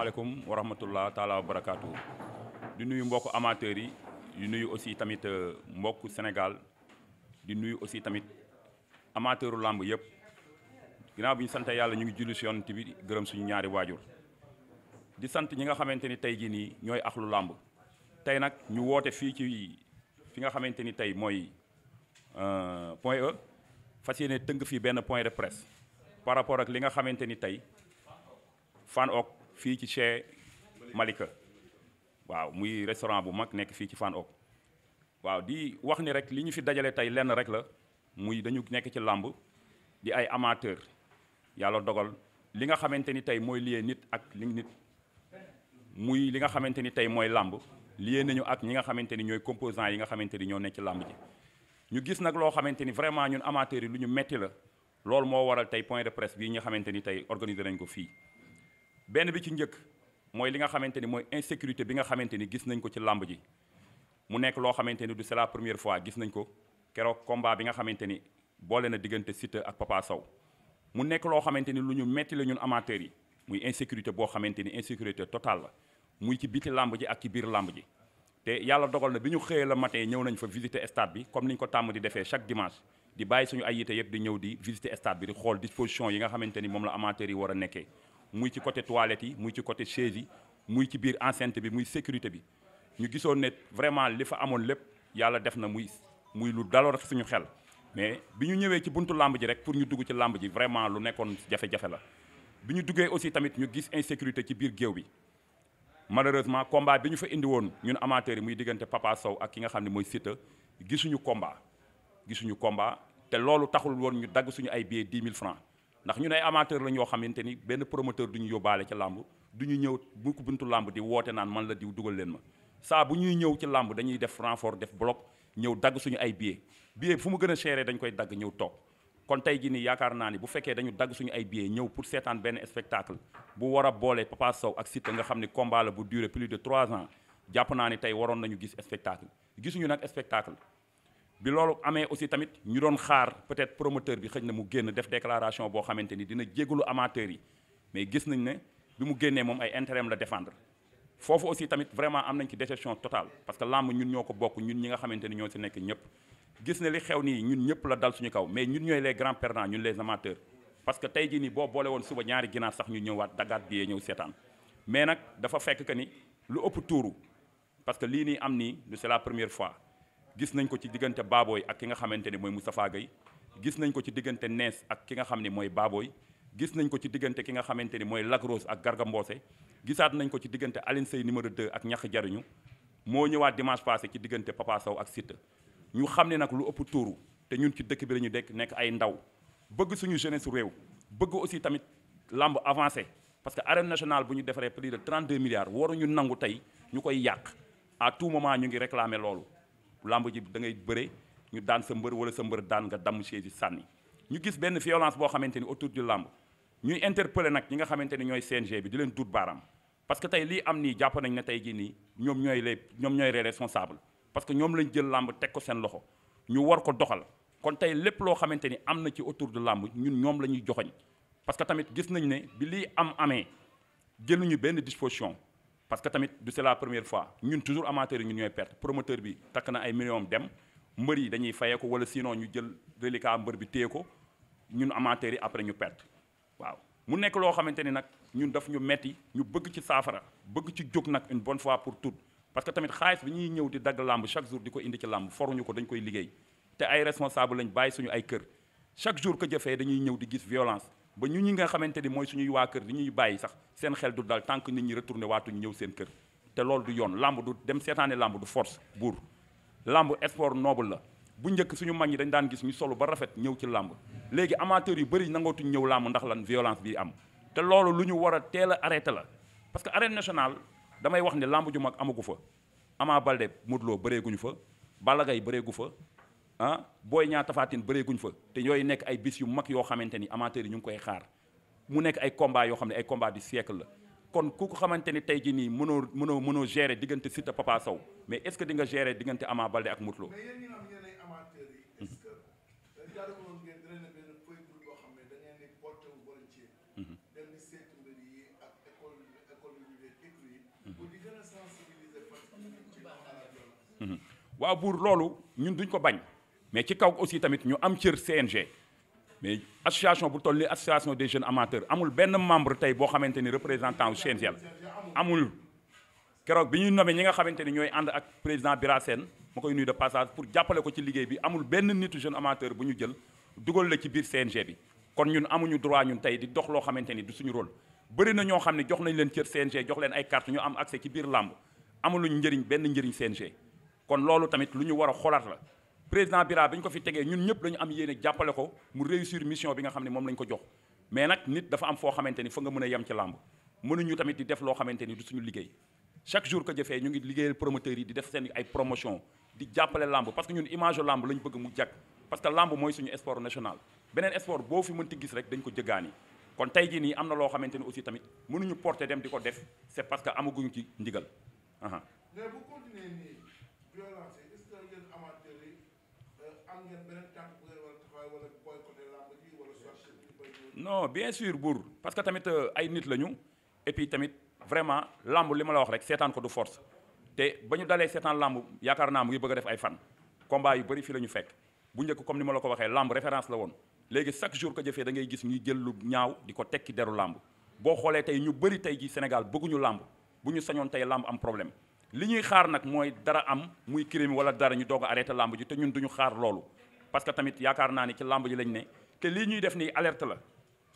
maaleykum wa rahmatullah taala wa barakaatu di nuyu mbokk amateurs yi di nuyu aussi tamit euh, mbokk Sénégal di nuyu aussi tamit amateuru làmb yëpp ginnaaw bi ñu sant yàlla ñu ngi julli si yoon bi gërëm suñu ñaari waajur di sant ñi nga xamante ni tey jii nii ñooy axlu làmb tey nag ñu woote fii ci fi nga xamante ni tey mooy euh, point E fas yéene tënk fii benn point de presse par rapport ak li nga xamante ni tey fan ok fii ci Chez Malika waaw muy restaurant bu mag nekk fii ci Fann Hock waaw di wax ni rek li ñu fi dajale tey lenn rek la muy dañu nekk ci làmb di ay amateur yàlla dogal li nga xamante ni tey mooy lié nit ak li nit muy li nga xamante ni tey mooy làmb lié nañu ak ñi nga xamante ni ñooy composant yi nga xamante ni ñoo nekk ci làmb ji ñu gis nag loo xamante ni vraiment ñun amateurs yi lu ñu metti la loolu moo waral tey point de presse bii nga xamante ni tey organiser nañ ko fii benn bi ci njëkk mooy li nga xamante ni mooy insécurité bi nga xamante ni gis nañ ko ci làmb ji mu nekk loo xamante ni du c'est la première fois gis nañ ko keroog combat bi nga xamante ni boole na diggante Siteu ak Papa Sow mu nekk loo xamante ni lu ñu metti la ñun amateurs yi muy insécurité boo xamante ni insécurité total la muy ci biti làmb ji ak ci biir làmb ji te yàlla dogal na bi ñu xëyee la matin ñëw nañ fa visiter stade bi comme ni ñu ko tàmm di defee chaque dimanche di bàyyi suñu ay yëpp di ñëw di visiter stade bi di xool disposition yi xamante ni moom la amateurs yi war a muy ci côté toilette yi muy ci côté chaise yi muy ci biir enceinte bi muy sécurité bi ñu gisoon ne vraiment li fa amoon lépp yàlla def na muy muy lu daloon suñu xel mais bi ñu ñëwee ci buntu làmb ji rek pour ñu dugg ci làmb ji vraiment lu nekkoon jafe-jafe la bi ñu duggee aussi tamit ñu gis insécurité ci biir géew bi malheureusement combat bi ñu fa indi woon ñun amateurs yi muy diggante Papa Sow ak ki nga xam ne mooy Siteu gisuñu combat gisuñu combat te loolu taxul woon ñu dagg suñu ay billets 10 000 francs ndax ñun ay amateur la ñoo xamante ni benn promoteur duñu yóbbaale ca làmb duñu ñëw bu ko buntu làmb di woote naan man la diw dugal leen ma saa bu ñuy ñëw ci làmb dañuy def renfort def bloc ñëw dagg suñu ay billets billet fu mu gën a chéré dañ koy dagg ñëw toog kon tey jii nii yaakaar naa ni bu fekkee dañu dagg suñu ay billets ñëw pour seetaan benn spectacle bu war a boole Papa Sow ak Siteu nga xam ni combat bu duré plus de trois ans jàpp naa ni tey waroon nañu gis spectacle gisuñu nag spectacle bi loolu amee aussi tamit ñu doon xaar peut-être promoteur bi xëy na mu génn def déclaration boo xamante ni dina jégalu amateur yi mais gis nañ ne bi mu génnee moom ay intérêt la defendre foofu aussi tamit vraiment am nañ ci déception total parce que làmb ñun ñoo ko bokk ñun ñi nga xamante ni ñoo si nekk ñëpp gis ne li xew nii ñun ñëpp la dal suñu kaw mais ñun ñooy les grands perdants ñun les amateurs parce que tey jii nii boo boole woon suba ñaari ginaar sax ñu ñëwaat dagaat bi ñëw mais nag dafa fekk que ni lu ëpp tuuru parce que lii nii am nii du c'est la fois gis nañ ko ci diggante Baboy ak ki nga xamante ni mooy Moustapha gis nañ ko ci diggante Nees ak ki nga xam ni mooy Baboy gis nañ ko ci diggante ki nga xamante ni mooy Lagros ak Garga Mbossé gisaat nañ ko ci diggante Aline Sey numéro 2 ak ñax jariñu moo ñëwaat dimanche passé ci diggante Papa Sow ak Siteu ñu xam ne nag lu ëpp tuuru te ñun ci dëkk bi la ñu dekk nekk ay ndaw bëgg suñu jeunesse su réew bëgg aussi tamit lamb avancer parce que arène nationale bu ñu defaree plus de 32 milliards waruñu nangu tey ñu koy yàq à tout moment ñu ngi réclamer loolu làmb ji dangay ngay bëre ñu daan sa mbër wala sa mbër daan nga damm chaise yi sànni ñu gis benn violence boo xamante ni autour du làmb ñuy interpeller nag ñi nga xamante ni ñooy CNG bi di leen dut baaraam parce que tey lii am nii jàpp nañ ne tey jii nii ñoom ñooy les ñoom ñooy les responsables parce que ñoom lañ jël làmb teg ko seen loxo ñu war ko doxal kon tey lépp loo xamante ni am na ci autour de làmb ñun ñoom la ñuy joxoñ parce que tamit gis nañ ne bi lii am amee jëluñu benn disposition parce que tamit du c'est la première fois ñun toujours amateurs yi ñun ñooy perte promoteur bi takk na ay millions dem mbër yi dañuy fayee ko wala sinon ñu jël reliquat mbër bi téye ko ñun amateurs yi après ñu perte waaw mu nekk loo xamante ni nag ñun daf ñu metti ñu bëgg ci saafara bëgg ci jóg nag une bonne fois pour tout parce que tamit xaalis bi ñuy ñëw di dagg làmb chaque jour di ko indi ci làmb foruñu ko dañ koy liggéey te ay responsable lañ bàyyi suñu ay kër chaque jour que jëfee dañuy ñëw di gis violence ba ñu ñi nga xamante ni mooy suñuy waa kër di ñuy bàyyi sax seen xel du dal tant que nit ñi retourné waatuñ ñëw seen kër te loolu du yoon làmb du dem seetaane làmb du force buur làmb sport noble la bu njëkk suñu mag ñi dañ daan gis ñu solo ba rafet ñëw ci làmb léegi amateurs yu bëri nangootuñ ñëw làmb ndax lan violence bi am te loolu lu ñu war a teel a arrêté la parce que arène nationale damay wax ne làmb ju mag amagu fa Ama Baldé Modou Lo bëreeguñu fa Balla Gaye bëreegu fa ah booy ñaa tafaatin bëreeguñ fa te yooyu nekk ay bis yu mag yoo xamante ni amateurs yi ñu ngi koy xaar mu nekk ay combat yoo xam ne ay combat du siècle la kon ku ko xamante ni tey jii nii mënoo mënoo mënoo gérer diggante Siteu Papa Sow mais est-ce que di nga gérer diggante Ama Baldé ak Modou Lo mhm. mhm. mhm. buur loolu ñun duñ ko bañ mais ci kaw aussi tamit ñu am cër CNG mais association bu toll ni association des jeunes amateurs amul benn membre tey boo xamante ni représentant wu CNG la amul keroog bi ñu nommé ñi nga xamante ni ñooy ànd ak président Bira Sène ma koy nuyu de passage pour jàppale ko ci liggéey bi amul benn nit jeune amateur bu ñu jël dugal la ci biir CNG bi kon ñun amuñu droit ñun tey di dox loo xamante ni du suñu role bëri ñoo xam ne jox nañ leen cër CNG jox leen ay carte ñu am accès ci biir làmb amuluñ njëriñ benn njëriñ CNG kon loolu tamit lu ñu war a xoolaat la président Bira bi ñu ko fi tegee ñun ñëpp dañu am yéene jàppale ko mu réussir mission bi nga xam ne moom lañ ko jox mais nag nit dafa am foo xamante ni fa nga mën a yem ci làmb mënuñu tamit di def loo xamante ni du suñu liggéey chaque jour que jëfee ñu ngi liggéeyal promoteurs yi di def seen ay promotion di jàppale làmb parce que ñun image làmb lañ bëgg mu jag parce que làmb mooy suñu sport national beneen sport boo fi mënti gis rek dañ ko jëgaani kon tey jii nii am na loo xamante ni aussi tamit mënuñu porter dem di ko def c'est parce que amaguñu ci ndigal. mais bu continuer non bien sûr buur parce que tamit euh, ay nit lañu et puis tamit vraiment lamb li ma la wax rek seetaan ko du force te ba ñu dalee seetaan lamb yaakaar naa mu ngi bëgg a def ay fan combat yu bëri fii la ñu fekk bu njëkk comme ni ma la ko waxee lamb référence la woon léegi chaque jour ko jëfee da ngay gis ñuy jël lu ñaaw di ko tekki deru lamb boo xoolee tey ñu bëri tey ji Sénégal bëgguñu làmb bu ñu sañoon tey lamb am problème li ñuy xaar nag mooy dara am muy crime wala dara ñu doog arrêté lamb ji te ñun duñu xaar loolu parce que tamit yaakaar naa ni ci lamb ji lañ ne te lii ñuy def nii alerte la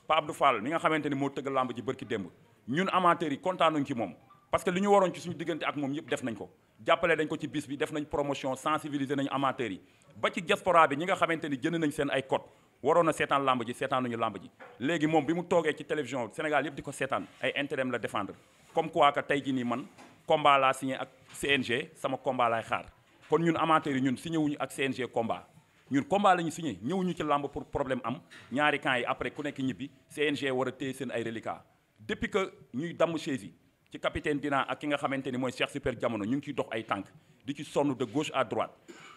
Pa Abdou Fall mi nga xamante ni moo tëgg làmb ji bërki démb ñun amateurs yi kontaanuñ ci moom parce que li ñu waroon ci suñu diggante ak moom yëpp def nañ ko jàppale dañ ko ci bis bi def nañ promotion sensibiliser nañ amateur yi ba ci diaspora bi ñi nga xamante ni jënd nañ seen ay code waroon a seetaan làmb ji seetaanuñu làmb ji léegi moom bi mu toogee ci télévision Sénégal yëpp di ko seetaan ay intérêt la défendre comme quoi que tey jii nii man ak CNG sama combat laay xaar ñun amateurs yi ñun signé wuñu ak CNG combat ñun combat la ñu signé ñëwuñu ci làmb pour problème am ñaari camp yi après ku nekk ñibbi CNG war a téye seen ay reliquats depuis que ñuy damm chaise yi ci capitaine Dina ak ki nga xamante ni mooy Cheikh Super jamono ñu ngi ciy dox ay tànk di ci sonn de gauche à droite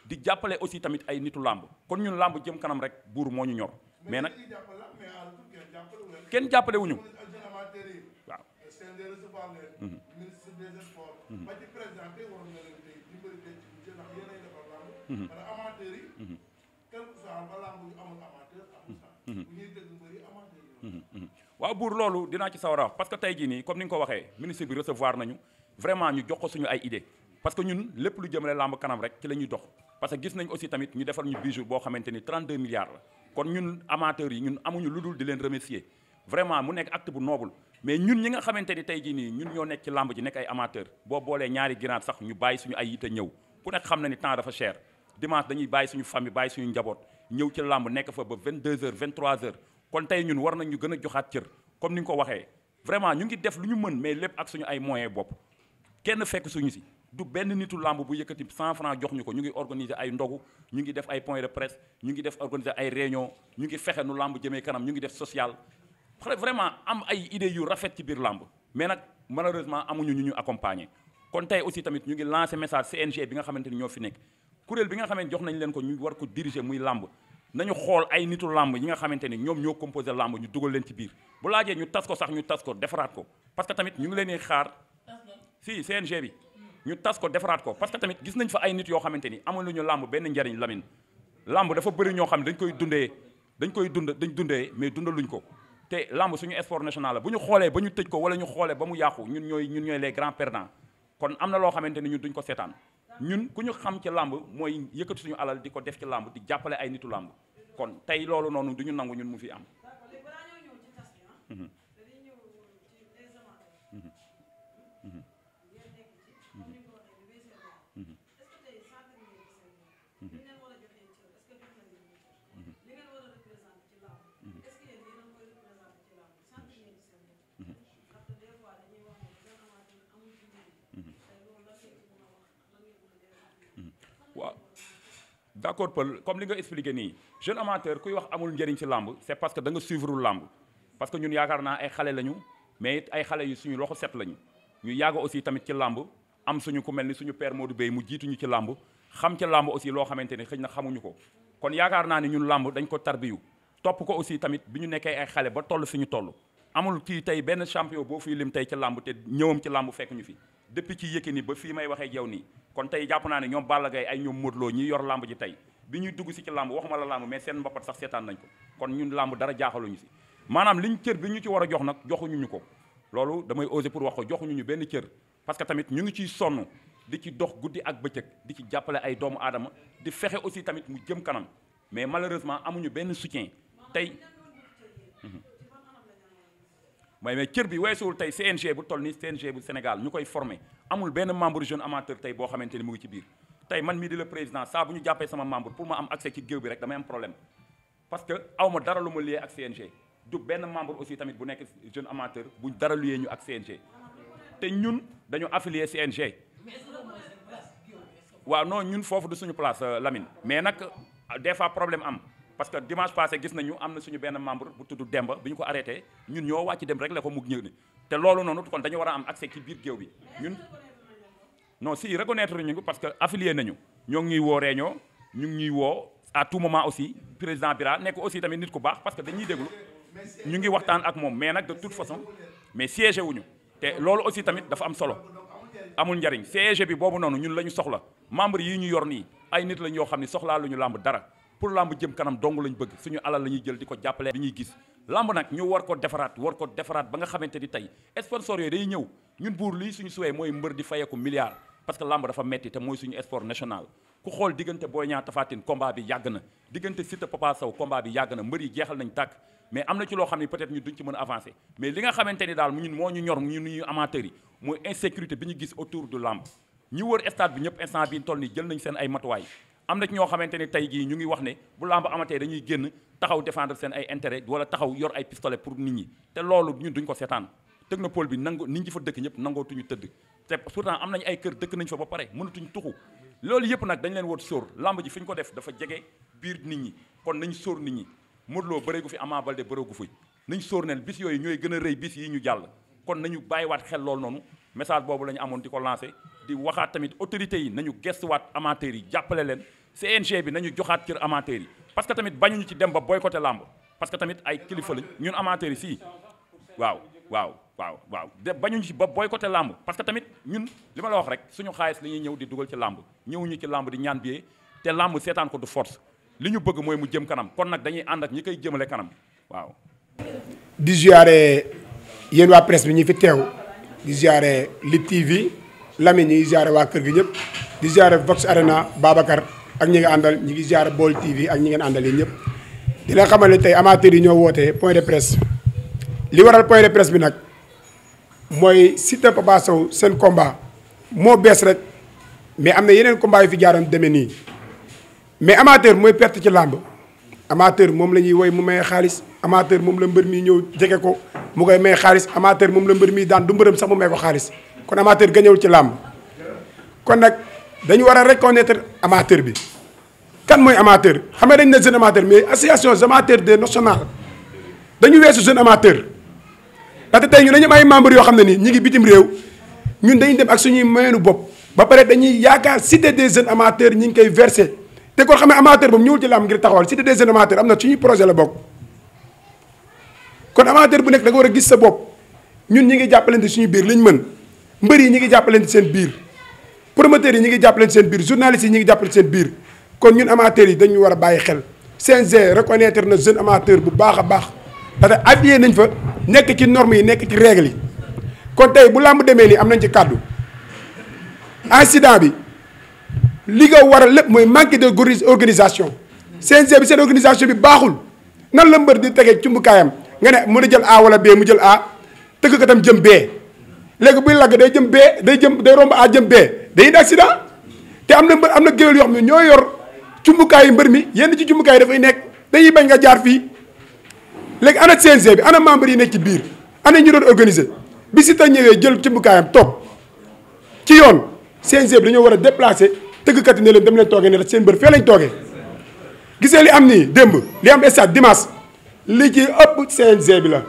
di jàppale aussi tamit ay nitu làmb kon ñun làmb jëm kanam rek buur moo ñu ñor mais nag kenn jàppale Mhm. Mhm, mhm. waaw buur loolu dinaa ci sawar a wax parce que tey jii nii comme ni nga ko waxee ministre bi recevoir nañu vraiment ñu jox ko suñu ay idée parce que ñun lépp lu jëmale làmb kanam rek ci la ñuy dox parce que gis nañ aussi tamit ñu defar ñu bijou boo xamante ni 32 milliards la kon ñun amateurs yi ñun amuñu lu dul di leen remercier vraiment mu nekk acte bu noble mais ñun ñi nga xamante ni tey jii nii ñun ñoo nekk ci làmb ji nekk ay amateur boo boolee ñaari ginaar sax ñu bàyyi suñu ay yite ñëw ku nekk ni temps dafa cher dimanche dañuy bàyyi suñu famille bàyyi suñu njaboot ñëw ci làmb nekk fa ba 22 heures 23 heures kon tey ñun war nañu ñu gën joxaat cër comme ni nga ko waxee vraiment ñu ngi def lu ñu mën mais lépp ak suñu ay moyens bopp kenn fekk suñu si du benn nitu làmb bu yëkkati 100 francs jox ñu ko ñu ngi organiser ay ndogu ñu ngi def ay point de presse ñu ngi def organiser ay réunion ñu ngi fexe nu làmb jëmee kanam ñu ngi def social vraiment am ay idée yu rafet ci biir làmb mais nag malheureusement amuñu ñu ñu accompagner kon tey aussi ñu ngi lancer message CNG bi nga xamante ni ñoo fi nekk kuréel bi nga xamante jox nañ leen ko ñu war ko diriger muy làmb nañu xool ay nitu làmb ñi nga xamante ni ñoom ñoo composé làmb ñu dugal leen ci biir bu laajee ñu tas ko sax ñu tas ko defaraat ko parce que tamit ñu ngi leen di xaar si CNG bi ñu tas ko defaraat ko parce que tamit gis nañ fa ay nit yoo xamante ni amul lu ñu làmb benn njariñ Lamine làmb dafa bëri ñoo xam ne dañ koy dundee dañ koy dund dañ dundee mais dundaluñ ko te làmb suñu sport national bu ñu xoolee ba ñu tëj ko wala ñu xoolee ba mu yàqu ñun ñooy ñun ñooy les grands perdants kon na loo xamante ni ñun duñ ko seetaan ñun ku ñu xam ci làmb mooy yëkkati suñu alal di ko def ci làmb di jàppale ay nitu làmb kon tey loolu noonu du ñu nangu ñun mu fi am. d'accord Paul comme li nga expliqué nii jeune amateur kuy wax amul njëriñ ci làmb parce que da nga suivre làmb parce que ñun yaakaar naa ay xale lañu mais ay xale yu suñu loxo set lañu ñu yàgg aussi tamit ci làmb am suñu ku mel ni suñu père Modou Bey mu jiituñu ci làmb xam ci làmb aussi loo xamante ne xëñ na xamuñu ko kon yaakaar naa ne ñun làmb dañ ko tarbiyu topp ko aussi tamit bi ñu nekkee ay xale ba toll fi ñu toll amul kii tey benn champion boo fii lim tey ci làmb te ñëwam ci làmb fekk ñu fi depuis ci ni ba fii may waxee jaw nii kon tey jàpp naa ne ñoom Balla Gaye ay ñoom Modou Lo yor lamb ji tey bi ñuy dugg si ci làmb waxuma la làmb mais seen mbappat sax seetaan nañ ko kon ñun làmb dara ñu si maanaam liñ cër bi ñu ci war a jox nag joxuñu ñu ko loolu damay osé pour wax ko joxuñu ñu benn cër parce que tamit ñu ngi ciy sonn di ci dox guddi ak bëccëg di ci jàppale ay doomu aadama di fexe aussi tamit mu jëm kanam mais malheureusement amuñu benn soutien tey may mais cër bi weesuwul tey CNG bu toll ni CNG bu Sénégal ñu koy formé amul benn membre jeune amateur tey boo xamante ni mu ngi ci biir tey man mii di la président saa bu ñu jàppee sama membre pour ma am accès ci géew bi rek damay am problème parce que awma ma dara lu ma lié ak CNG du benn membre aussi tamit bu nekk jeune amateur buñ dara lié ñu ak CNG te ñun dañu affilié CNG waa non ñun foofu du suñu place euh, Lamine mais nag des fois problème am parce que dimanche passé gis nañu am na suñu benn membre bu tudd Demba bi ñu ko arrêté ñun ñoo wàcc dem rek la ko mug ñëw ni te loolu noonu kon dañu war a am accès ci biir géew bi ñun non si reconnaître ñu parce que affilié nañu ñoo ngi ñuy woo réunion ñu ngi ñuy woo à tout moment aussi président Bira nekk aussi tamit nit ku baax parce que dañuy déglu ñu ngi waxtaan ak moom mais nag de toute façon mais siégé wuñu te loolu aussi tamit dafa am solo amul njariñ siégé bi boobu noonu ñun la ñu soxla membre yi ñu yor nii ay nit lañ yoo xam ne soxlaa lu làmb dara pour lamb jëm kanam dong lañ bëgg suñu alal la ñuy jël di ko jàppale bi ñuy gis lamb nag ñu war ko defaraat war ko defaraat ba nga xamante ni tey sponsor yooyu day ñëw ñun buur lii suñu suwee mooy mbër di fayeeku milliard parce que lamb dafa metti te mooy suñu sport national ku xool diggante Boy Niang Tapha Tine combat bi yàgg na diggante Siteu Papa Sow combat bi yàgg na mbër yi jeexal nañ tàkk mais am na ci loo xam ne peut-être ñu duñ ci mën a nga xamante ni daal ñun moo ñu ñor ñu nuñu amateurs yi gis autour du lamb ñi wër stade bi ñëpp instant jël nañ seen ay matuwaay am na ci ñoo xamante ni tey jii ñu ngi wax ne bu làmb amatee dañuy génn taxaw défendre seen ay intérêt wala taxaw yor ay pistolet pour nit ñi te loolu ñun duñ ko seetaan technopole bi nango nit ñi fa dëkk ñëpp nangootuñu tëdd te pourtant am nañu ay kër dëkk nañ fa ba pare mënatuñ tuxu loolu yëpp nag dañ leen woot sóor làmb ji fi ñu ko def dafa jege biir nit ñi kon nañ sóor nit ñi Modou Lo bëreegu fi Ama Baldé bëreegu fi nañ sóor neen bis yooyu ñooy gën a bis yi ñu jàll kon nañu bàyyiwaat xel loolu noonu message boobu la amoon di ko lancé di waxaat tamit autorités yi nañu gestuwaat amateurs yi jàppale leen CNG bi nañu joxaat cër amateurs yi parce que tamit bañuñu ci dem ba boycotté làmb parce que tamit ay kilifa ñun amateurs yi fii waaw waaw waaw waaw de bañuñu ci ba boycotté làmb parce que tamit ñun li ma la wax rek suñu xaalis la ñuy ñëw di dugal ci làmb ñëwuñu ci làmb di ñaan biyee te làmb seetaan ko du force li ñu bëgg mooy mu jëm kanam kon nag dañuy ànd ak ñi koy jëmale kanam waaw. di ziare yéen waa presse bi ñuy fi teew di ziare li TV Lamine ñu ngi waa kër gi ñëpp di ziare Vox Arena Babacar ak ñi àndal ñu ngi ziare Bool TV ak ñi ngeen àndal yéen ñëpp. di la xamal ne tey amateurs yi ñoo woote point de presse li waral point de presse bi nag mooy Siteu Papa Sow seen combat moo bees rek mais am na yeneen combat yu fi jaaroon demee nii mais amateur mooy perte ci làmb amateur moom la ñuy woy mu may xaalis amateur moom la mbër mi ñëw jege ko. mu koy may xaalis amateur moom la mbër mi daan du mbërëm sax mu may ko xaalis kon amateur gañewul ci làmb kon nag dañu war a reconnaître amateur bi kan mooy amateur xam nga dañ ne jeune amateur mais association amateur des national dañu weesu jeune amateur ndaxte tey ñu dañu am ay yoo xam ne nii ñu ngi bitim réew ñun dañuy dem ak suñuy moyenu bopp ba pare dañuy yaakaar cité des jeunes amateurs ñi ngi koy versé te kon xam ne amateur boobu ñëwul ci na suñuy projet la bokk kon amateur bu nekk da nga war a gis sa bopp ñun ñi ngi jàppalante suñu biir liñ mën mbër yi ñu ngi jàppalante seen biir promoteurs yi ñi ngi jàppalante seen biir journalistes yi ñi ngi jàppalante seen biir kon ñun amateurs yi dañu war a bàyyi xel CNG reconnaître na jeune amateur bu baax a baax parce que appuyé nañ fa nekk ci norme yi nekk ci règles yi kon tey bu làmb demee nii am nañ ci kàddu incident bi li ko war a lépp mooy manque de organisation CNG bi seen organisation bi baaxul nan la mbër di tegee cumbukaayam nga ne mën a jël A wala B mu jël A tëgg katam jëm B léegi buy lagg day jëm B day jëm day romb A jëm B day indi accident te am na mbër am na géwél yoo xam ne ñoo yor cumbukaay cumbukaayu mbër mi yenn ci cumbukaay dafay nekk dañuy bañ nga jaar fii léegi ana CNG bi ana membre yi nekk ci biir ana ñu doon organiser bi si ta ñëwee jël cumbukaayam toog ci yoon CNG bi dañoo war a déplacer tëggkat yi ne leen dem leen toogee ne seen mbër fee lañ toogee gisee li am nii démb li am li ci ëpp CNG bi la.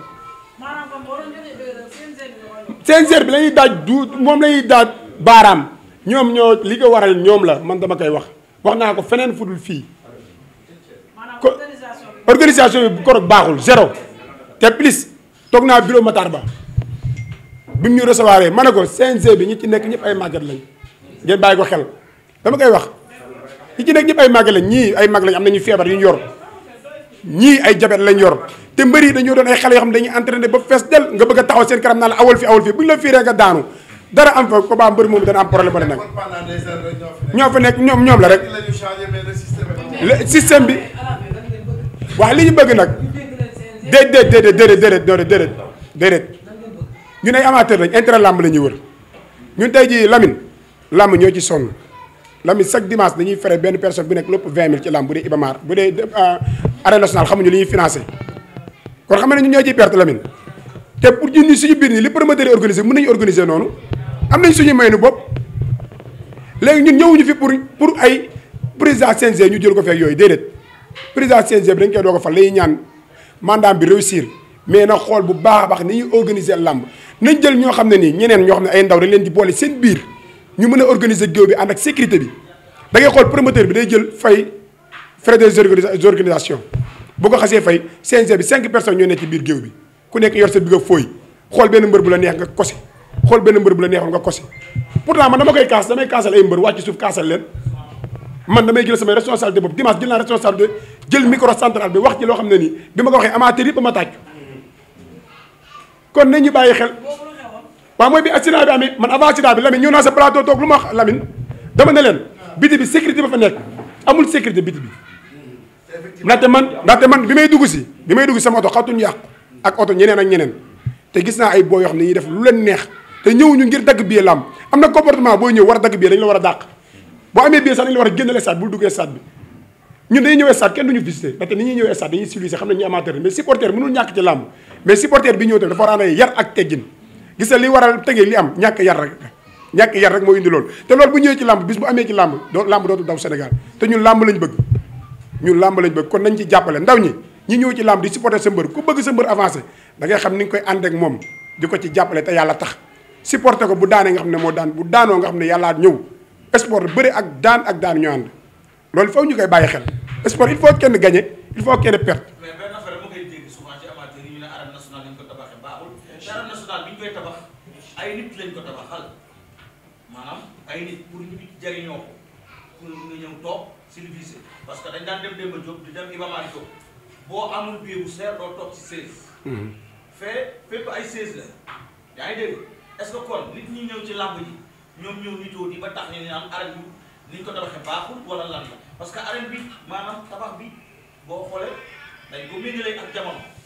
CNG bi lañuy ñuy daaj du moom la daaj baaraam ñoom ñoo li ko waral ñoom la man dama koy wax wax naa ko feneen fu fii. ko organisation bi korog baaxul gero te plus toog naa bureau Matar Ba bi mu ñu recevoir ma ne ko CNG bi ñu ci nekk ñëpp ay màggat lañ ngeen bàyyi ko xel dama koy wax ñi ci nekk ñëpp ay màggat lañ ñii ay mag lañ am nañu feebar yu ñu yor. ñii ay jabet lañ yor te mbër yi dañoo doon ay xale yoo xam ne dañuy entraîné ba fees del nga bëgg a taxaw seen kanam naa la awal fi awal fi bu ñu la fiiree nga daanu dara am fa ko baa mbër moom dana am problème nag ñoo fa nekk ñoom ñoom la rek système bi waaw li ñu bëgg nag déedéet déedéet déedéet déedéet déedéet déedéet ñun ay amateur lañ intérêt làmb la ñuy wër ñun tey ji Lamine làmb ñoo ci sonn Lamine chaque dimanche dañuy fere benn personne bu nekk lépp 20000 ci lamb bu dee Ibamar bu dee euh, arène nationale xamuñu li ñuy financé kon xam ne ñu ñoo ciy perte Lamine te pour ñun suñu biir nii li promoteur yi organisé mën nañu organiser noonu am nañ suñu maynu bopp léegi ñun ñëwuñu fi pour pour ay président CNG ñu jël ko feeg yooyu déedéet président CNG bi dañ koy doog a fal ñaan mandat bi réussir mais na xool bu baax a baax ni ñuy organiser lamb nañ jël ñoo xam ne nii ñeneen ñoo xam ne ay ndaw dañ leen di boole seen biir. ñu mën a organiser géew bi ànd ak sécurité bi da ngay xool promoteur bi day jël fay frais des organisation boo ko xasee fay CNG bi cinq personnes ñoo nekk ci biir géew bi ku nekk yor sa bi nga fooy xool benn mbër bu la neex nga kose xool benn mbër bu la neexul nga kose pourtant man dama koy kaas damay kaasal ay mbër wàcc suuf kaasal leen man damay jël samay responsabilité boobu dimanche jël naa responsabilité jël micro central bi wax ci loo xam ne nii bi ma ko waxee amateur waaw mooy bi accident bi amee man avant accident bi Lamine ñëw naa sa plateau toog lu ma wax dama ne biti bi sécurité ba fa nekk amul sécurité biti bi ndaxte man ndaxte man bi may dugg si bi may dugg si sama oto xatuñ yàqu ak oto ñeneen ak ñeneen te gis naa ay boo yoo xam ne def lu leen neex te ñëwuñu ngir dagg billet làmb am na comportement booy ñëw war a dagg billet dañu la war a dàq boo amee billet sax dañu la war a génnal stade bul duggee stade bi ñun dañuy ñëw stade kenn duñu a ànd gis na li waral tëgee li am ñàkk yar rek ñàkk yar rek moo indi loolu te loolu bu ñëwee ci làmb bis bu amee ci làmb doo làmb dootul daw Sénégal te ñun làmb lañ bëgg ñun làmb lañ bëgg kon nañ ci jàppale ndaw ñi ñi ñëw ci làmb di supporter sa mbër ku bëgg sa mbër avancé da ngay xam ni nga koy ànd ak moom di ko ci jàppale te yàlla tax supporter ko bu daanee nga xam ne moo daan bu daanoo nga xam ne yàllaa ñëw sport bëri ak daan ak daan ñu ànd loolu faw ñu koy bàyyi xel sport il faut kenn gagner il faut kenn perdre ay nit lañ ko tabaxal maanaam ay nit pour ñu jariñoo ko pour nga ñëw toog service parce que dañ daan dem Demba Diop di dem Iba Mar Diop boo amul billet bu seer doo toog ci seize. Mhm. fee fépp ay seize la yaa ngi dégg nit ñi ñëw ci làmb yi ñoom ñëw nitoo di ba tax ñu ne am arène bi ni ñu ko tabaxee baaxul wala lan la parce que arène bi maanaam tabax bi boo xoolee dañ ko méngale ak jamono.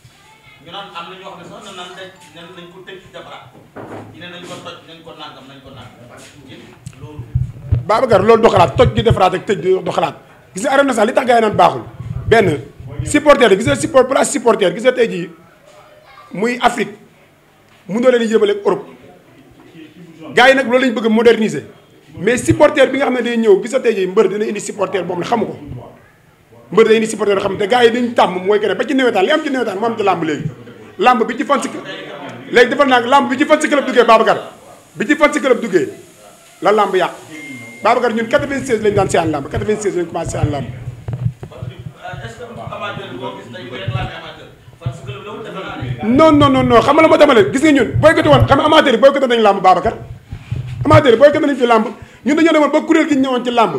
ñu naan am na ñoo loolu Babacar loolu toj gi defaraat ak tëj gi doxalaat gis nga arène nationale li tax gars yi naan baaxul benn supporter gis nga support place supporter gis nga tey jii muy Afrique mu doo leen yëbale ak Europe gars yi nag loolu lañ bëgg moderniser mais supporter bi nga xam ne day ñëw gis nga tey jii mbër dina indi supporter boobu ne xamu ko mbër day ni supporter xam te gars yi dañu tàmm mooy gën ba ci nawetaan li am ci nawetaan moo am ci làmb léegi làmb bi ci fan si léegi defal naa làmb bi ci fan si club duggee Babacar bi ci fan si club duggee la làmb yàq Babacar ñun 96 lañu daan séen làmb 96 lañu commencé séen làmb non non non non xam nga la ma demale gis nga ñun boycotté woon xam nga amateur yi boycotté nañu làmb Babacar amateur yi boycotté nañu fi làmb ñun dañoo demoon ba kuréel gi ñëwoon ci làmb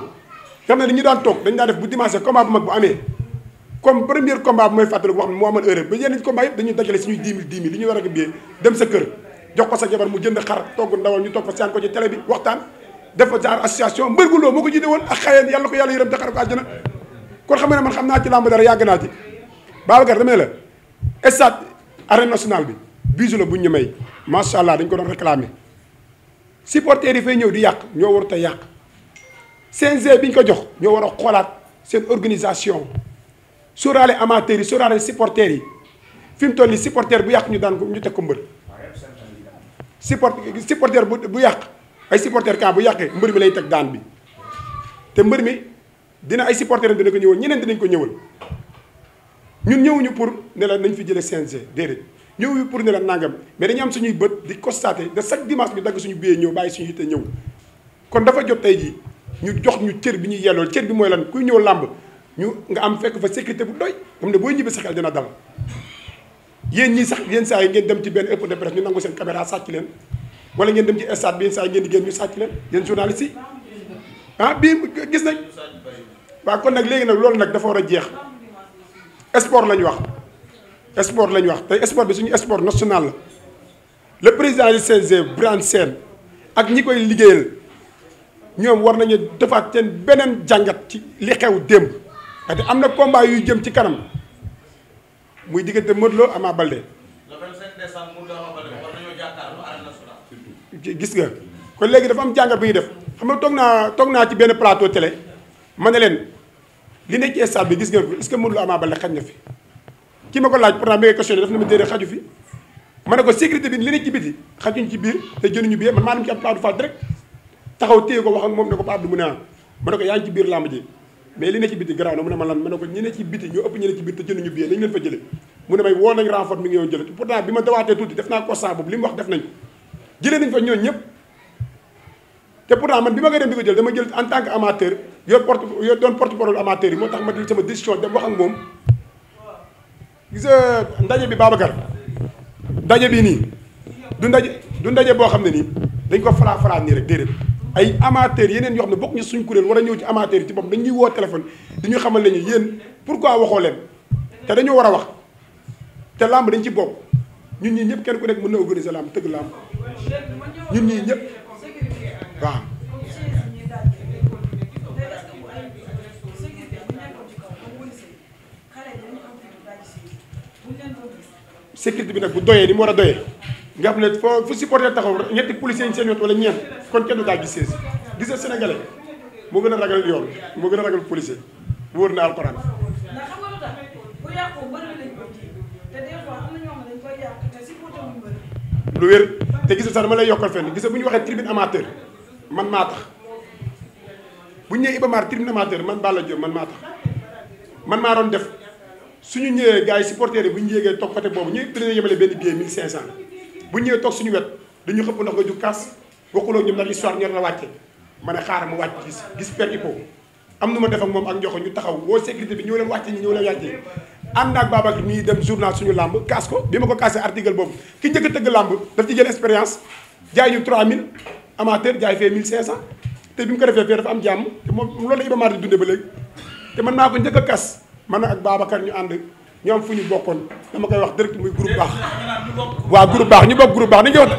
xam ne dañu daan toog dañu daan def bu dimanche combat bu mag bu amee comme premier combat bu may fàttali wax moo amoon heure ba yenn combat yëpp dañuy dajale suñuy 10 000 li ñu war a biyee dem sa kër jox ko sa jabar mu jënd xar togg ndawal ñu toog fa saan ko ci télé bi waxtaan def fa genre association mbër gu loo moo ko jiite woon ak xayeen yàlla ko yàlla yërëm xar ko àjjana kon xam ne man xam naa ci làmb dara yàgg naa ci Babacar dama ne la bi bisu la ñu may macha allah dañ ko doon réclamer supporters yi fay ñëw di yàq ñoo warut a yàq CNG bi ñu ko jox ñoo war a xoolaat seen organisation sóoraale amateur yi sóoraale supporters yi fi mu toll nii supporter bu yàq ñu daan ñu teg ko mbër. support supporter bu bu yàq ay supporter camp bu yàqee mbër mi lay teg daan bi te mbër mi dina ay supporter dina ko ñëwal ñeneen dinañ ko ñëwal ñun ñëwuñu pour ne la nañ fi jëlee CNG déedéet. ñëw pour ne nàngam nangam mais dañu am suñuy bët di constater de chaque dimanche ñu dagg suñu billet ñëw bàyyi suñu yitte ñëw kon dafa jot tey jii ñu jox ñu cër bi ñu yellool cër bi mooy lan kuy ñëw làmb ñu nga am fekk fa sécurité bu doy xam ne booy ñibbi sa xel dina dal yéen ñii sax yéen sax yi ngeen dem ci benn ëpp de presse ñu nangu seen caméra sàcc leen wala ngeen dem ci stade bi yéen saa yi ngeen di génn ñu sàcc leen yéen journaliste yi ah bii gis nañ waa kon nag léegi nag loolu nag dafa war a jeex sport la ñu wax sport la ñu wax tey sport bi suñu sport national la le président du CNG Birane ak ñi koy liggéeyal ñoom war nañu defaat seen beneen jàngat ci li xew démb parce que am na combat yuy jëm ci kanam muy diggante Modou Lo Ama Baldé. gis nga kon léegi dafa am jàngat bu ñuy def xam nga toog naa toog naa ci benn plateau télé ma ne leen li nekk ci bi gis ngeen ko est-ce que Modou Lo Ama Baldé xaj na fi. ki ma ko laaj pourtant bi nga questionné daf na ma déedéet xaju fi ma ne ko sécurité bi li nekk ci biti xajuñ ci biir te jënuñu biir man maa dem ci ab plateau Fall direct taxaw téye ko wax ak moom ne ko Pape Abdou mu ne ah ko yaa ngi ci biir làmb ji mais li ne ci biti garaaw na mu ne ma lan ma ne ko ñi ne ci biti ñu ëpp ñi ne ci biir te jënduñu billet nañ leen fa jële mu ne may woo nañ renfort mi ngi yoon jële pourtant bi ma dawaatee tuuti def naa constat boobu li wax def nañ ko nañ fa ñooñ ñëpp te pourtant man bi ma koy dem di ko jël dama jël en tant que amateur yor porte yor doon porte parole amateur yi moo ndaje bi Babacar ndaje bi nii du ndaje du ndaje boo xam ne nii dañ ko fara fara nii rek déedéet ay amateurs yeneen yoo xam ne bokk ñu suñ kuréel war a ñëw ci amateurs yi ci boppam dañuy woo téléphone di ñu xamal lañu yéen pourquoi waxoo leen te dañoo war a wax te làmb dañ ci bokk ñun ñii ñëpp kenn ku nekk mën na organiser làmb tëgg làmb ñun ñii ñëpp waaw. sécurité bi nag bu doyee ni mu war a doyee. nga xam ne foo fu supporter taxaw ñetti policiers yi seen yoon wala ñeent kon kenn du daa gis sées gis nga sénégalais moo gën a ragal yoon moo gën a ragal policier wóor na bu yàqoo ko ji te des fois am na ñoo xam ne dañ lu wér te gis nga sax dama lay yokkal fenn gis nga bu ñu waxee tribune amateur man maa tax bu ñu nee Iba Mar tribune amateur man Balla Diop man maa tax man maa doon def suñu ñëwee gars yi supporter yi bu ñu yéegee toog côté boobu ñëpp dinañ yemale benn billet 1500. bu ñëwee toog suñu wet dañu xëpp ndox nga jug kaas waxuloo ñoom nag histoire ñor na wàcce ma ne xaaral ma wàcc gis gis per ipo am na ma def moom ak njoxo ñu taxaw woo sécurité bi ñëw leen wàcce ñi ñëw leen wàcce ànd ak Babacar mi dem journal suñu làmb kaas ko bi ma ko kaasee article boobu ki njëkk a tëgg làmb daf ci jël expérience jaay ñu 3000 amateur jaay fee 1500 te bi mu ko defee fee dafa am jàmm te moom loolu la Iba Mar di dundee ba léegi te mën naa ko njëkk a kas man ak Babacar ñu ànd ñoom fu ñu bokkoon dama koy wax direct muy groupe baax waaw groupe baax ñu bokk groupe baax ni koy wax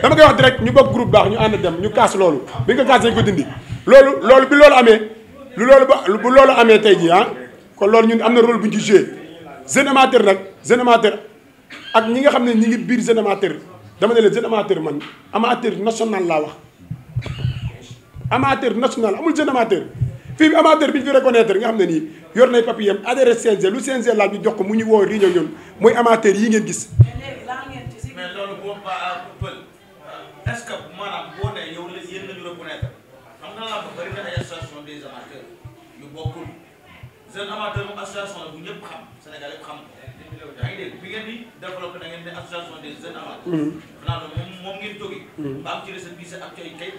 dama koy wax direct ñu bokk groupe baax ñu ànd dem ñu kaas loolu bi ñu ko kaas dañ ko loolu bi loolu amee lu loolu ba bu loolu amee tey jii ah kon loolu ñun am na rôle bu ñu ci joué jeune amateur nag jeune amateur ak ñi nga xam ne ñi ngi biir jeune amateur dama le la jeune amateur man amateur national laa wax amateur national amul jeune amateur fii amateur bi ñu fi reconnaître nga xam ne nii yor nay papier am adhéré lu CNG laaj ñu jox ko mu ñu woo réunion mooy amateur yi ngeen gis. mais loolu boobu ba pël euh, est-ce que maanaam boo dee yow des amateurs yu bokkul jeune amateur moom association la bu ñëpp ne association mm-hmm. mm-hmm. ba am ci réseau bi sa ak cooy kayit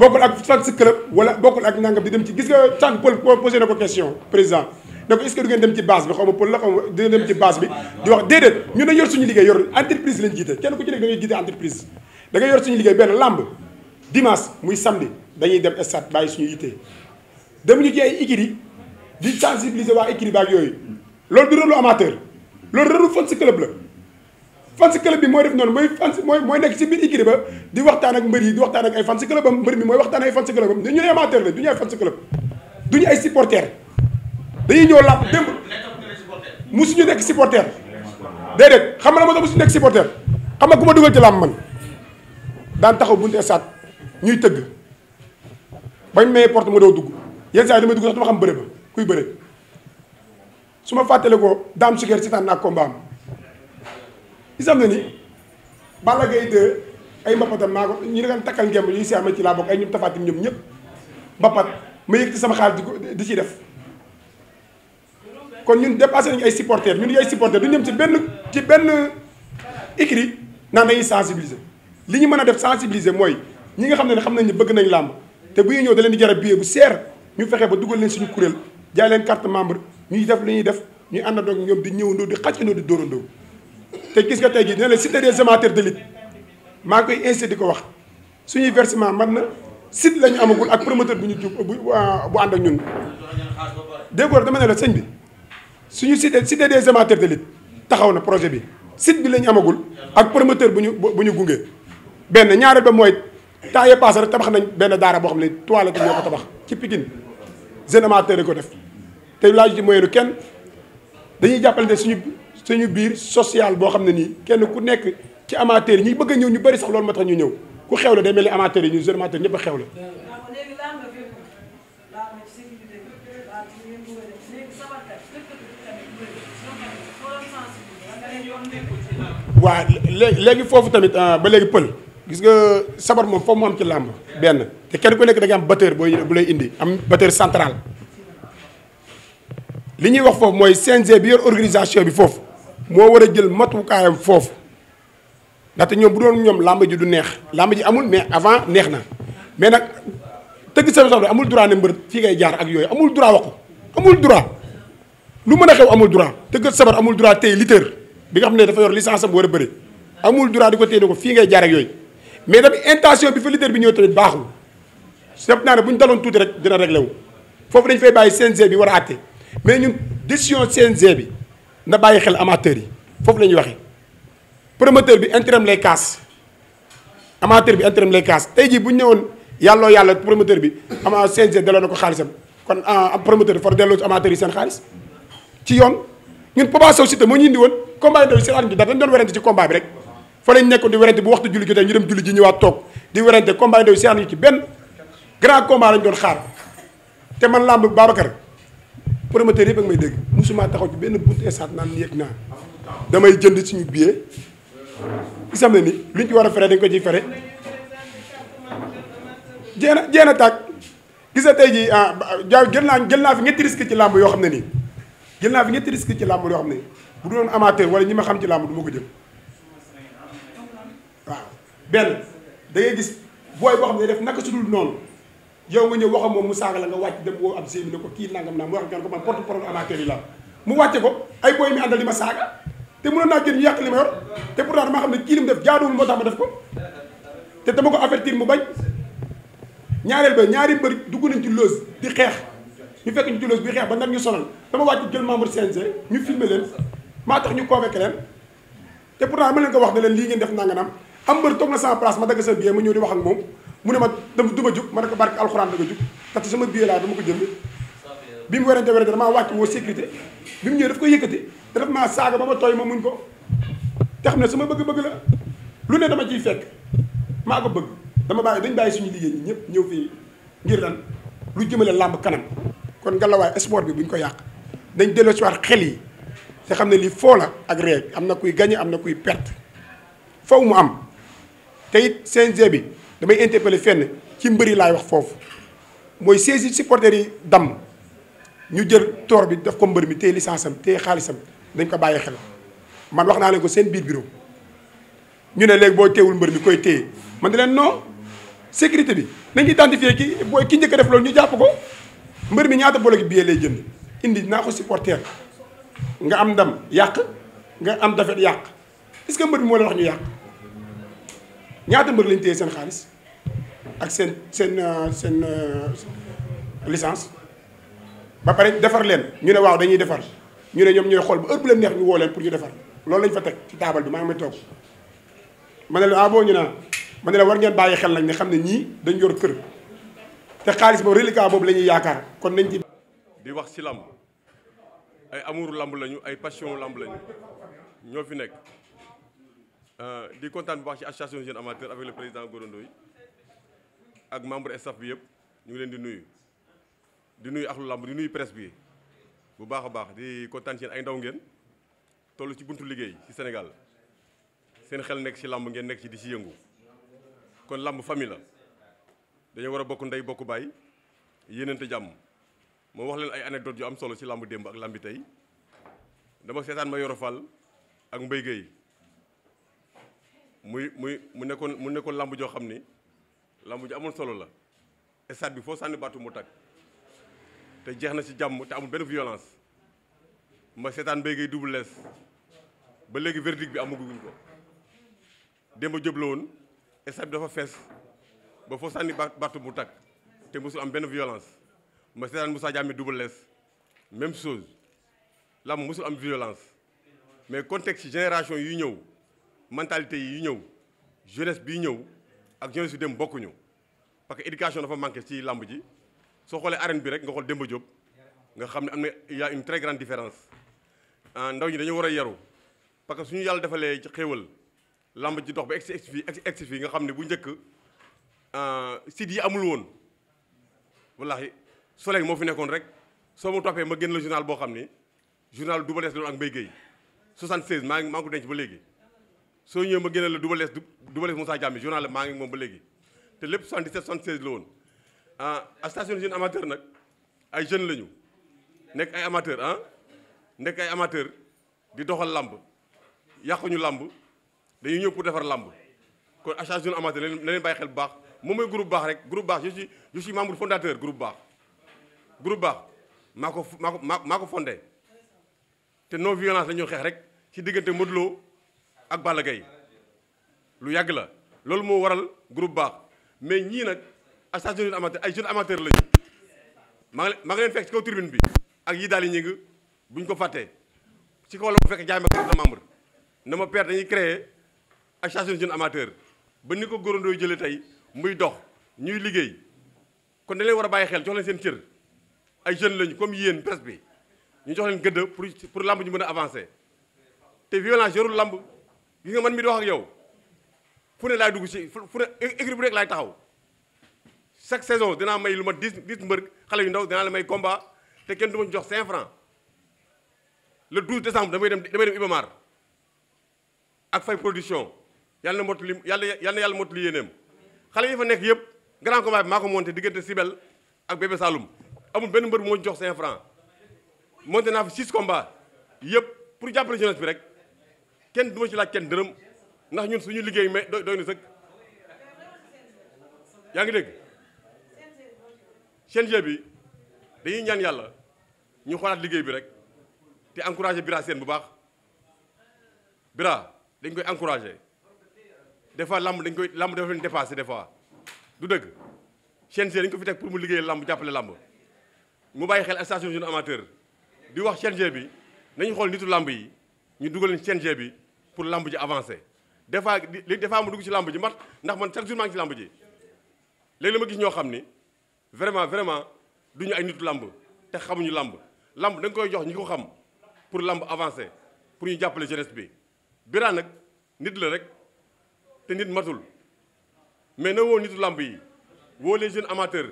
bokkul ak fan si club wala bokkul ak nangam di dem ci gis nga sànq Paul posé na ko question président ne ko est-ce que du ngeen dem ci base bi xaw ma Paul la xaw ma dina dem ci base bi di wax déedéet ñu ne yor suñu liggéey yor entreprise lañ jiite kenn ku ci nekk da ngay jiite entreprise da ngay liggéey benn làmb dimanche muy samedi dañuy dem stade bàyyi suñu yittee dem ñu ci ay écurie di sensibiliser waa écurie baak yooyu loolu du rôle amateur loolu rôle si club la fans club bi mooy def noonu mooy fans mooy mooy nekk ci biir écurie ba di waxtaan ak mbër yi di waxtaan ak ay fans club am mbër mi mooy waxtaan ak ay fans club am ñu ne amateur la du ñu ay fans dañuy ñëw làpp démb musuñu nekk supporter déedéet xam ma la moo tax musuñu nekk supporter xam nga ma dugal ci làmb man daan taxaw bunte saat ñuy tëgg ba mayee porte ma doo dugg yenn saa yi damay dugg sax dama xam bëre kuy bëre su ma fàttale ko daam sukeer si taan naa combat gisam na ni Balla Gaye 2 ay mbapatam maa ko ñu ne kan takkal ngemb ñuy si amee ci laa bokk ay ñum tafaatim ñoom ñëpp mbapat ma yëg ci sama xaalis di ko di ciy def kon ñun dépassé nañu ay supporters ñun ay supporters duñu dem ci benn ci benn écrit naan dañuy sensibiliser li ñu mën a def sensibiliser mooy ñi nga xam ne xam nañ ne bëgg nañ làmb te bu ñu ñëw da leen di jar a billet bu seer ñu fexe ba dugal leen suñu kuréel jaay leen carte membre ñuy def li ñuy def ñu àndandoo ak ñoom di ñëw ñëwandoo di xàccandoo di dóorandoo te gis nga tey jii dina la cité des amateurs de maa ngi koy incité di ko wax suñuy versement man na site la amagul ak promoteur bu ñu jub bu bu ànd ak ñun. déggoo dama ne la sëñ bi suñu cité cité des amateurs de lutte taxaw na projet bi site bi la ñu amagul ak promoteur bu ñu bu ñu gunge. benn ñaareel ba mooy temps yee passé rek tabax nañ benn daara boo xam ne toilette ñoo ko tabax ci Pikine jeune amateur ko def te laaj di moyenu kenn dañuy jàppale ne suñu. suñu biir social boo xam ne nii kenn ku nekk ci amateur yi ñi bëgg a ñëw ñu bari sax loolu moo tax ñu ñëw ku xew la day mel ni amateur yi ñu jeune amateur ñëpp a léegi foofu tamit ah, ba léegi pël gis nga sabar moom foofu mu am ci làmb benn te kenn ku nekk da am batteur booy bu lay indi am batteur central li ñuy wax foofu mooy CNG bi yor organisation bi foofu moo war a jël matukaayam foofu ndaxte ñoom bu doon ñoom làmb ji du neex làmb ji amul mais avant neex na mais nag tëgg sa sax amul droit ne mbër fii ngay jaar ak yooyu amul droit wax ko amul droit lu mën a xew amul droit tëgg sabar amul droit tey lutteur bi nga xam ne dafa yor licence am war a bëri amul droit di ko téye ne ko fii ngay jaar ak yooyu mais tamit intention bi fa lutteur bi ñëw tamit baaxul seet naa ne bu ñu daloon tuuti rek dina réglé wu foofu dañ fay bàyyi CNG bi war mais ñun décision CNG bi na bàyyi xel amateur yi foofu la ñuy waxee promoteur bi intérim lay kaas amateur bi intérim lay kaas tey jii bu ñu ñëwoon yàlloo yàlla promoteur bi ama CNG delloo na ko xaalisam kon am ah ah promoteur bi for delloo ci amateur yi seen xaalis ci yoon ñun Papa Sow Siteu moo ñu indi woon combat yi doon seen at bi dafa doon werante ci combat bi rek fa lañ nekkoon di werante bu waxtu julli jotee ñu dem julli ji ñëwaat toog di werante combat yi doon ci benn grand combat lañ doon xaar te man làmb Babacar promoteur yëpp ak may dégg musuma taxaw ci benn buntu esaat naan yëg naa damay jënd suñu billet gis nga ni luñ ci war a fere dañ ko ciy fere jéem a jéem a tàkk gis nga tey jii ah naa jël naa fi ñetti risque ci làmb yoo xam ne nii jël naa fi ñetti risque ci làmb yoo xam ne bu doon amateur wala ñi ma xam ci làmb du ma ko jël waaw benn da gis booy boo xam ne def naka su noonu. yow nga ñëw wax ak moom mu saaga la nga wàcc dem woo ab sémi ne ko kii nangam naa mu wax gan ko man porte parole amateur yi mu wàcce ko ay booy mi àndal di ma saaga te mënoon naa gën ñu yàq li ma yor te pourtant dama xam ne kii li mu def jaaduwul moo tax ma ko te dama ko avertir mu bañ ñaareel ba ñaari mbër dugg nañ ci loos di xeex ñu fekk ñu ci loos bi xeex ba nar ñu sonal dama wàcc jël membre CNG ñu filmer leen maa tax ñu convoqué leen te pourtant ma leen ko wax ne leen lii ngeen def nanganam am mbër toog na sama place ma dagg sa billet ma ñëw di wax ak mu ne ma dama du ma jug ma ne ko barke alxuraan da nga jug ndaxte sama billet laa dama ko jënd bi mu werante werante damaa wàcc woo sécurité bi mu ñëwee daf ko yëkkati te daf maa saaga ba ma tooy ma muñ ko te xam ne sama bëgg-bëgg la lu ne dama ciy fekk maa ko bëgg dama bàyyi dañ bàyyi suñu liggéey ñi ñëpp ñëw fii ngir lan lu jëmale làmb kanam kon ngalawaay sport bi buñ ko yàq dañ delloo si waat xel yi te xam ne lii foo la ak réeg am na kuy gagné am na kuy perte faw mu am te it CNG bi damay interpellé fenn ci mbër yi laay wax foofu mooy saisi supporters yi damm ñu jël toor bi daf ko mbër mi téye licence am téye xaalisam dañ ko bàyyi xel man wax naa leen ko seen biir bureau ñu ne léegi boo teewul mbër mi koy téye man di leen non sécurité bi nañ identifier ki booy ki njëkk def loolu ñu jàpp ko mbër mi ñaata bolo gi billet lay jënd indi naa ko supporter nga am dam yàq nga am dafet yàq est-ce que mbër mi moo leen wax ñu yàq ñaata mbër lañ téye seen xaalis ak seen seen euh, seen euh, licence ba pare defar leen ñu ne waaw dañuy defar ñu ne ñoom ñooy xool ba heure bu leen neex ñu woo leen pour ñu defar loolu lañ fa teg ci taabal bi maa ngi may toog ma ne la ah boo ñu ne ma ne la war ngeen bàyyi xel nag ne xam ne ñii dañ yor kër te xaalis boobu reliquat boobu la ñuy yaakaar kon nañ ci. di wax ci lamb ay amour lamb lañu ay passion lamb lañu ñoo fi nekk. Euh, di kontaan bu baax ci association jeune amateur avec le président Gorondoy ak membre staff bi yëpp ñu ngi leen di nuyu di nuyu axlu làmb di nuyu presse bi bu baax a baax di kontaan ci ay ndaw ngeen toll ci buntu liggéey ci Sénégal seen xel nekk ci làmb ngeen nekk ci di ci yëngu kon làmb famille la dañoo war a bokk ndey bokk baay yéenante jàmm moo wax leen ay anecdote yu am solo ci làmb démb ak làmbi tey dama seetaan ma Yoro ak Mbaye Gueye muy muy mu nekkoon mu nekkoon lamb joo xam ni lamb ji amoon solo la stade bi foo sànni baatu mu tag te jeex na ci jàmm te amul benn violence ma seetaan béy ngay Double Less ba léegi verdict bi amaguñ ko démb jóob la woon stade bi dafa fees ba foo sànni baatu mu tag te mosul am benn violence ma seetaan Moussa Diame Double Less même chose lamb mosul am violence mais contexte génération yu ñëw mentalité yi ñëw jeunesse bi ñëw ak jeunesse yu dem bokkuñu parce que éducation dafa manqué ci làmb ji soo xoolee arène bi rek nga dem ba Diop nga xam ne am na y a une très grande différence ah, ndaw ñi dañu war a yaru parce que suñu yàlla defalee ci xéewal làmb ji dox ba egsi egsi fii nga xam ne bu njëkk ah, sites yi amul woon wallahi soleil moo fi nekkoon rek soo ma toppee ma génn la journal boo xam ni journal Double Less loolu ak Mbaye Guèye 76 maa ngi maa ngi ko denc ba léegi soo ñëwee ma génneel la Double Less Double Less Moussa Diamé journal la maa ngi moom ba léegi te lépp 77 76 la woon ah station jeune amateur nag ay jeunes lañu nekk ay amateur ah nekk ay amateur di doxal làmb yàquñu làmb dañuy ñëw pour defar làmb kon à station jeune amateur na leen bàyyi xel bu baax moom mooy groupe baax rek groupe baax je suis je si membre fondateur groupe baax groupe baax maa ko maa ko maa te non violence la ñuy xeex rek ci diggante Modou Lo ak Balla Gaye lu yàgg la loolu moo waral groupe baax mais ñii nag ay jeunes amateur ay jeunes amateur lañu maa ngi maa ngi leen fekk ci kaw tribune bi ak yi daal yi ñi ngi buñ ko fàtte ci kaw la ma fekk jaay ma na de membre na ma dañuy créer association jeune amateur ba ni ko góorandoo jëlee tey muy dox ñuy liggéey kon dañ leen war a bàyyi xel jox leen seen cër ay jeunes lañu comme yéen presse bi ñu jox leen gëdd pour pour lamb ñu mën a avancer te violence yorul lamb gis nga man mi di wax ak yow fu ne laay dugg si fu ne équipe bu rek laay taxaw chaque saison danaa may lu ma dix dix mbër xale yu ndaw dinaa la may combat te kenn du ma jox cinq francs le 12 décembre damay dem damay dem Ibamar ak fay production yàlla na motali yàlla yàlla na yàlla li yéeneem xale yi fa nekk yëpp grand combat bi maa ko monté diggante Sibel ak Bébé Saloum amul benn mbër moo jox cinq francs monté naa fa six combats yëpp pour jàppale bi rek. kenn duma ci laaj kenn dërëm ndax ñun suñu liggéey mais doy na sëkk yaa ngi dégg CNG bi dañuy ñaan yàlla ñu xoolaat liggéey bi rek te encouragé Bira Sène bu baax Bira dañ koy encourager des fois lamb dañ koy lamb dafa leen dépassé des fois du dëgg CNG dañ ko fi teg pour mu liggéey lamb jàppale lamb mu bàyyi xel association jeune amateur di wax CNG bi nañu xool nitu làmb yi ñu dugal leen CNG bi pour lamb ji avancé des fois li des fois mu dugg ci lamb ji mat ndax man chaque jour maa ngi ci lamb ji léegi la ma gis ñoo xam ni vraiment vraiment ñu ay nitu lamb te xamuñu lamb lamb da koy jox ñu ko xam pour lamb avancé pour ñu jàppale jeunesse bi Bira nag nit la rek te nit matul mais na woo nitu lamb yi woo les jeunes amateurs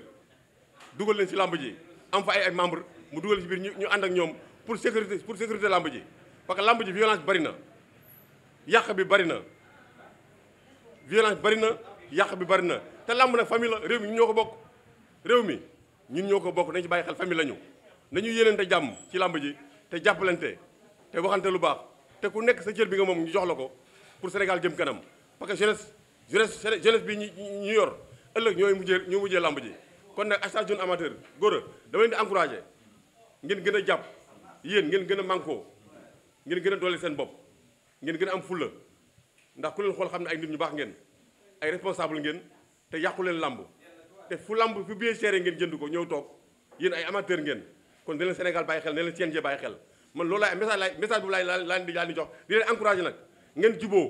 dugal leen ci lamb ji am fa ay ay membres mu dugal ci biir ñu ànd ak ñoom pour sécurité pour sécurité lamb ji parce que làmb ji violence bari na yàq bi bari na violence bari na yàq bi bari na te làmb nag famille réew mi ñun ñoo ko bokk réew mi ñun ñoo ko bokk nañ ci bàyyi xel famille la ñu nañu yéenante jàmm ci làmb ji te jàppalante te waxante lu baax te ku nekk sa cër bi nga moom ñu jox la ko pour Sénégal jëm kanam parce que jeunesse jeunesse jeunesse bi ñu ñu yor ëllëg ñooy mujjee ñoo mujjee làmb ji kon nag à jeune amateur góor a dama leen di encouragé ngeen gën a jàpp yéen ngeen gën a mànkoo ngeen gën a doole seen bopp ngeen gën a am fulla ndax ku leen xool xam ne ay nit ñu baax ngeen ay responsable ngeen te yàqu leen làmb te fu làmb fu bien cher ngeen jënd ko ñëw toog yéen ay amateur ngeen kon ne leen Sénégal bàyyi xel ne leen CNG bàyyi xel man loolu laay message laay message bu laay laa laa di laa di jox di leen encouragé nag ngeen juboo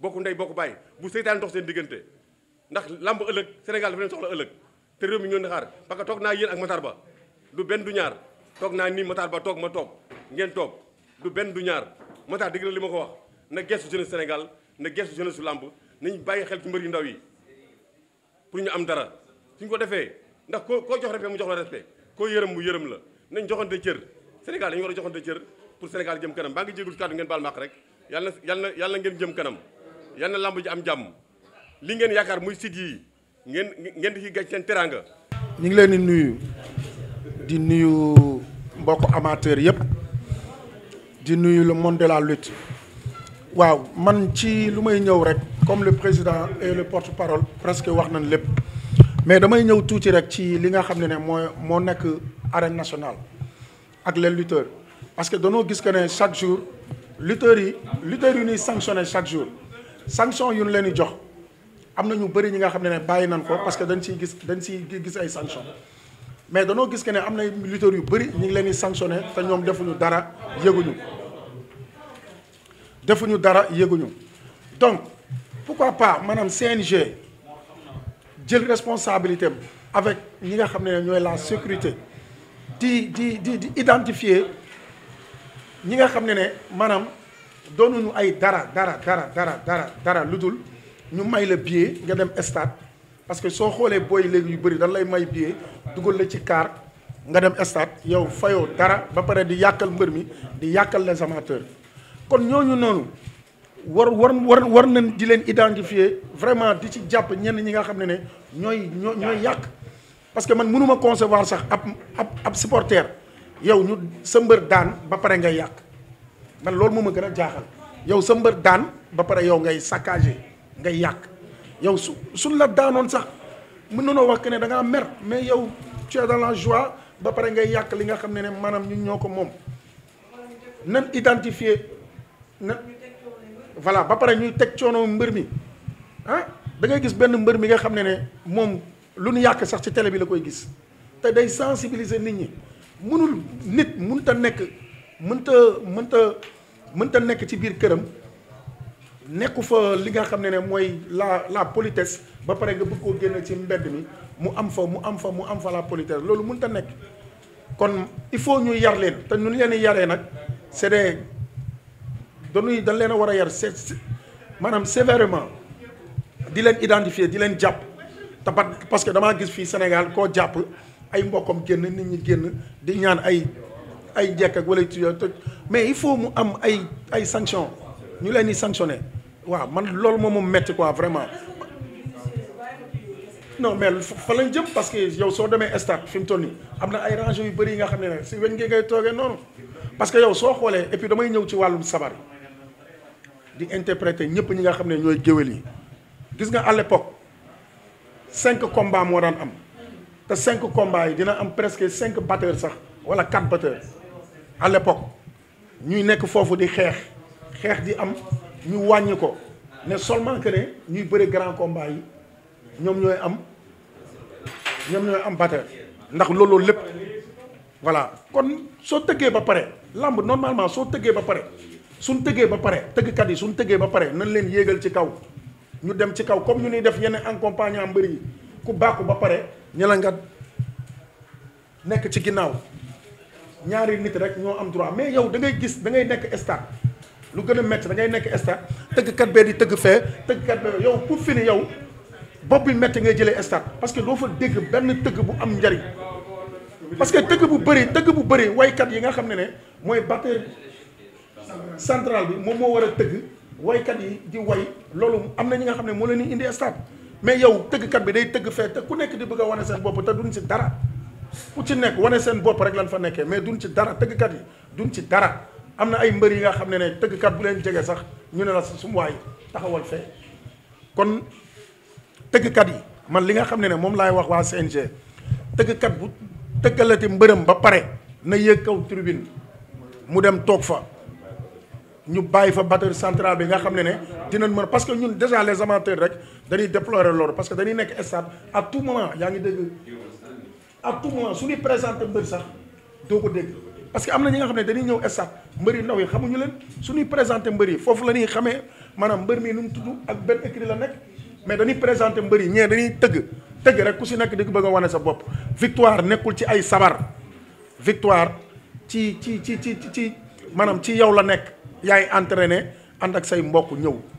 bokk ndey bokk bàyyi bu seytaan dox seen diggante ndax làmb ëllëg Sénégal dafa leen soxla ëllëg te réew mi ñoo xaar parce que toog naa yéen ak Matar Ba du benn du ñaar toog naa nii Matar Ba toog ma toog ngeen toog du benn du ñaar moo tax dëgg la li ma ko wax na gestu jeunesse senegal na gestu jeunesse su làmb nañ bàyyi xel ci mbër yu ndaw yi pour ñu am dara suñ ko defee ndax koo koo jox respect mu jox la respect koo yërëm mu yërëm la nañ joxante cër Sénégal dañu war a joxante cër pour Sénégal jëm kanam baa ngi jégul ci kàddu ngeen baal rek yàlla na yàlla yàlla ngeen jëm kanam yàlla na làmb ji am jàmm li ngeen yaakaar muy sit yi ngeen ngeen di ci gaj seen teraanga. ñu ngi leen di nuyu di nuyu mbokk amateur yëpp. di nuyu le monde de la lutte waaw man ci lu may ñëw rek comme le président et le porte-parole presque wax nañ lépp mais damay ñëw tuuti rek ci li nga xam ne ne mooy moo nekk arène national ak les lutteurs parce que danoo gis que ne chaque jour lutteurs yi lutteurs yu ñuy sanctionné chaque jour sanction yu ñu leen di jox am na ñu bëri ñi nga xam ne ne bàyyi nañ ko parce que dañ ciy gis dañ ciy gis ay sanction mais danoo gis que ne am na lutteurs yu bëri ñu ngi leen di sanctionné te ñoom defuñu dara yëguñu defuñu dara yëguñu donc pourquoi pas maanaam CNG jël responsabilité am avec ñi nga xam ne ñooy la sécurité di di di di identifier ñi nga xam ne ne maanaam doonuñu ay dara dara dara dara dara dara lu dul ñu may la billet nga dem stade parce que soo xoolee booy léegi yu bëri dañ lay may billet dugal la ci car nga dem stade yow fayoo dara ba pare di yàqal mbër mi di yàqal les amateurs. kon ñooñu noonu war war war war nañ di leen identifier vraiment di ci jàpp ñenn ñi nga xam ne ne ñooy ñoo ñooy yàq parce que man mënuma concevoir sax ab ab ab supporter yow ñu sa mbër daan ba pare ngay yàq man loolu moom ma gën a jaaxal yow sa mbër daan ba pare yow ngay saccager ngay yàq yow su suñ la daanoon sax mën nanoo wax que ne da ngaa mer mais yow tu es dans la joie ba pare ngay yàq li nga xam ne ne maanaam ñun ñoo ko moom nan identifier na voilà ba pare ñuy teg coono mbër mi ah da ngay gis benn mbër mi nga xam ne ne moom lu nu yàq sax ci télé bi la koy gis te day sensibiliser nit ñi mënul nit mënta nekk mënta mënta mënta nekk ci biir këram nekku fa li nga xam ne ne mooy la la politesse ba pare nga bëgg koo génn ci mbedd mi mu am fa mu am fa mu am fa la politesse loolu mënta nekk kon il faut ñu yar leen te ñun leen yaree nag c'est des dañuy dañ leen a war a yar maanaam sévèrement di leen identifier di leen jàpp te parce que damaa gis fii Sénégal koo jàpp ay mbokkam génn nit ñi génn di ñaan ay ay njekk ak wala toj mais il faut mu am ay ay sanction ñu leen di sanctionné waaw man loolu moom moom metti quoi vraiment non mais fa lañ jëm parce que yow soo demee stade fi mu toll am na ay rangées yu bëri yi nga xam ne ne si weñ ngi ngay toogee noonu parce que yow soo xoolee et puis damay ñëw ci wàllum sabar di interpréter ñëpp ñi nga xam ne ñooy géwél yi gis nga à l'époque cinq combats moo daan am te cinq combats yi dina am presque cinq batteurs sax wala quatre batteurs à l'époque ñuy nekk foofu di xeex xeex di am ñu wàññi ko ne seulement que ne ñuy bëri grand combat yi ñoom ñooy am ñoom ñooy am batteur ndax loolu lépp voilà kon soo tëggee ba pare lamb normalement soo tëggee ba pare suñ tëggee ba pare tëggkat yi suñ tëggee ba pare nan leen yéegal ci kaw ñu dem ci kaw comme ñu nuy def yenn accompagnant mbëri ku bàkku ba pare ñu nga nekk ci ginnaaw ñaari nit rek ñoo am droit mais yow da ngay gis da ngay nekk stade lu gën a métti da ngay nekk stade tëggkat bee di tëgg fee tëggkat bee yow pour fini yow bopp bi mett ngay jëlee stade parce que doo fa dégg benn tëgg bu am njariñ parce que tëgg bu bëri tëgg bu bari waykat yi nga xam ne ne mooy batteur central bi moom moo war a tëgg woykat yi di way loolu am na ñi nga xam ne moo leen ni indi stade mais yow tëggkat bi day tëgg fee te ku nekk di bëgg a wane seen bopp te duñ ci dara ku ci nekk wane seen bopp rek lan fa nekkee mais duñ ci dara tëggkat yi duñ ci dara am na ay mbër yi nga xam ne ne tëggkat bu leen jege sax ñu ne la su mu waay taxawal fee kon tëggkat yi man li nga xam ne ne moom laay wax waa CNG tëggkat bu tëggalati mbërëm ba pare na yéeg kaw tribune mu dem toog fa ñu bàyyi fa batteur central bi nga xam ne ne dinañ mën parce que ñun déjà les amateurs rek dañuy déplorer loolu parce que dañuy nekk stade à tout moment yaa ngi dégg à tout moment su ñuy présenté mbër sax doo ko dégg parce que am na ñi nga xam ne dañuy ñëw stade mbër yi ndaw yi xamuñu leen su ñuy présenté mbër yi foofu la ñuy xame maanaam mbër mii nu mu tudd ak benn écrit la nekk mais dañuy présenté mbër yi ñee dañuy tëgg tëgg rek ku si nekk dëgg bëgg a sa bopp victoire nekkul ci ay sabar victoire ci ci ci ci ci maanaam ci yow la nekk yaay entraîné ànd ak say mbokk ñëw